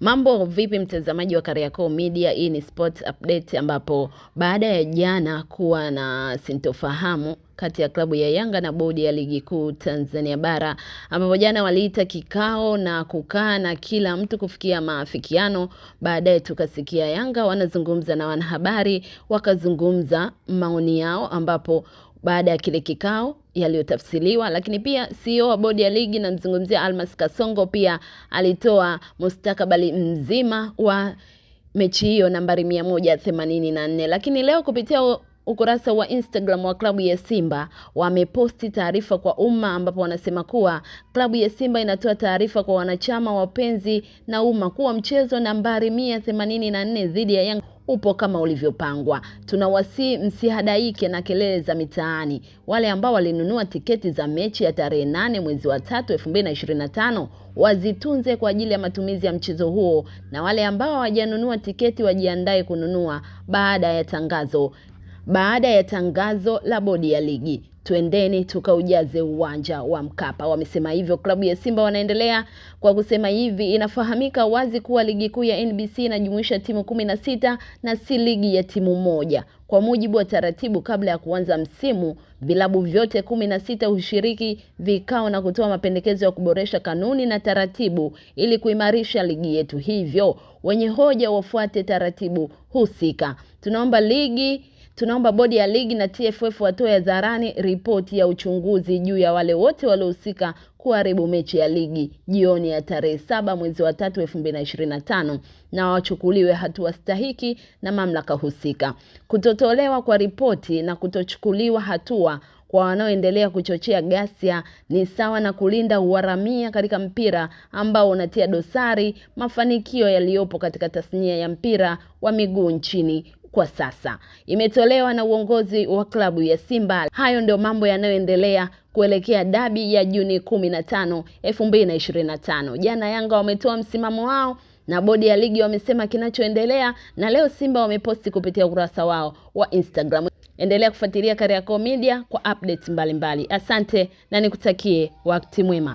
Mambo vipi mtazamaji wa Kariakoo Media, hii ni sports update, ambapo baada ya jana kuwa na sintofahamu kati ya klabu ya Yanga na bodi ya ligi kuu Tanzania bara ambapo jana waliita kikao na kukaa na kila mtu kufikia maafikiano. Baadaye tukasikia Yanga wanazungumza na wanahabari, wakazungumza maoni yao, ambapo baada ya kile kikao yaliyotafsiriwa. Lakini pia CEO wa bodi ya ligi namzungumzia Almas Kasongo pia alitoa mustakabali mzima wa mechi hiyo nambari 184. Lakini leo kupitia ukurasa wa Instagram wa klabu ya Simba wameposti taarifa kwa umma ambapo wanasema kuwa klabu ya Simba inatoa taarifa kwa wanachama, wapenzi na umma kuwa mchezo nambari 184 dhidi ya Yanga upo kama ulivyopangwa. Tunawasihi msihadaike na kelele za mitaani. Wale ambao walinunua tiketi za mechi ya tarehe nane mwezi wa tatu 2025 wazitunze kwa ajili ya matumizi ya mchezo huo, na wale ambao hawajanunua tiketi wajiandae kununua baada ya tangazo baada ya tangazo la bodi ya ligi twendeni tukaujaze uwanja wa Mkapa. Wamesema hivyo. Klabu ya Simba wanaendelea kwa kusema hivi, inafahamika wazi kuwa ligi kuu ya NBC inajumuisha timu kumi na sita na si ligi ya timu moja. Kwa mujibu wa taratibu, kabla ya kuanza msimu, vilabu vyote kumi na sita hushiriki vikao na kutoa mapendekezo ya kuboresha kanuni na taratibu ili kuimarisha ligi yetu, hivyo wenye hoja wafuate taratibu husika. Tunaomba ligi Tunaomba bodi ya ligi na TFF watoe hadharani ripoti ya uchunguzi juu ya wale wote waliohusika kuharibu mechi ya ligi jioni ya tarehe saba mwezi wa tatu elfu mbili na ishirini na tano na wachukuliwe hatua stahiki na mamlaka husika. Kutotolewa kwa ripoti na kutochukuliwa hatua kwa wanaoendelea kuchochea ghasia ni sawa na kulinda uharamia katika mpira ambao unatia dosari mafanikio yaliyopo katika tasnia ya mpira wa miguu nchini kwa sasa, imetolewa na uongozi wa klabu ya Simba. Hayo ndio mambo yanayoendelea kuelekea dabi ya Juni 15, 2025. Jana Yanga wametoa msimamo wao na bodi ya ligi wamesema kinachoendelea, na leo Simba wameposti kupitia ukurasa wao wa Instagram. Endelea kufuatilia Kariakoo Media kwa updates mbalimbali mbali. Asante na nikutakie wakati mwema.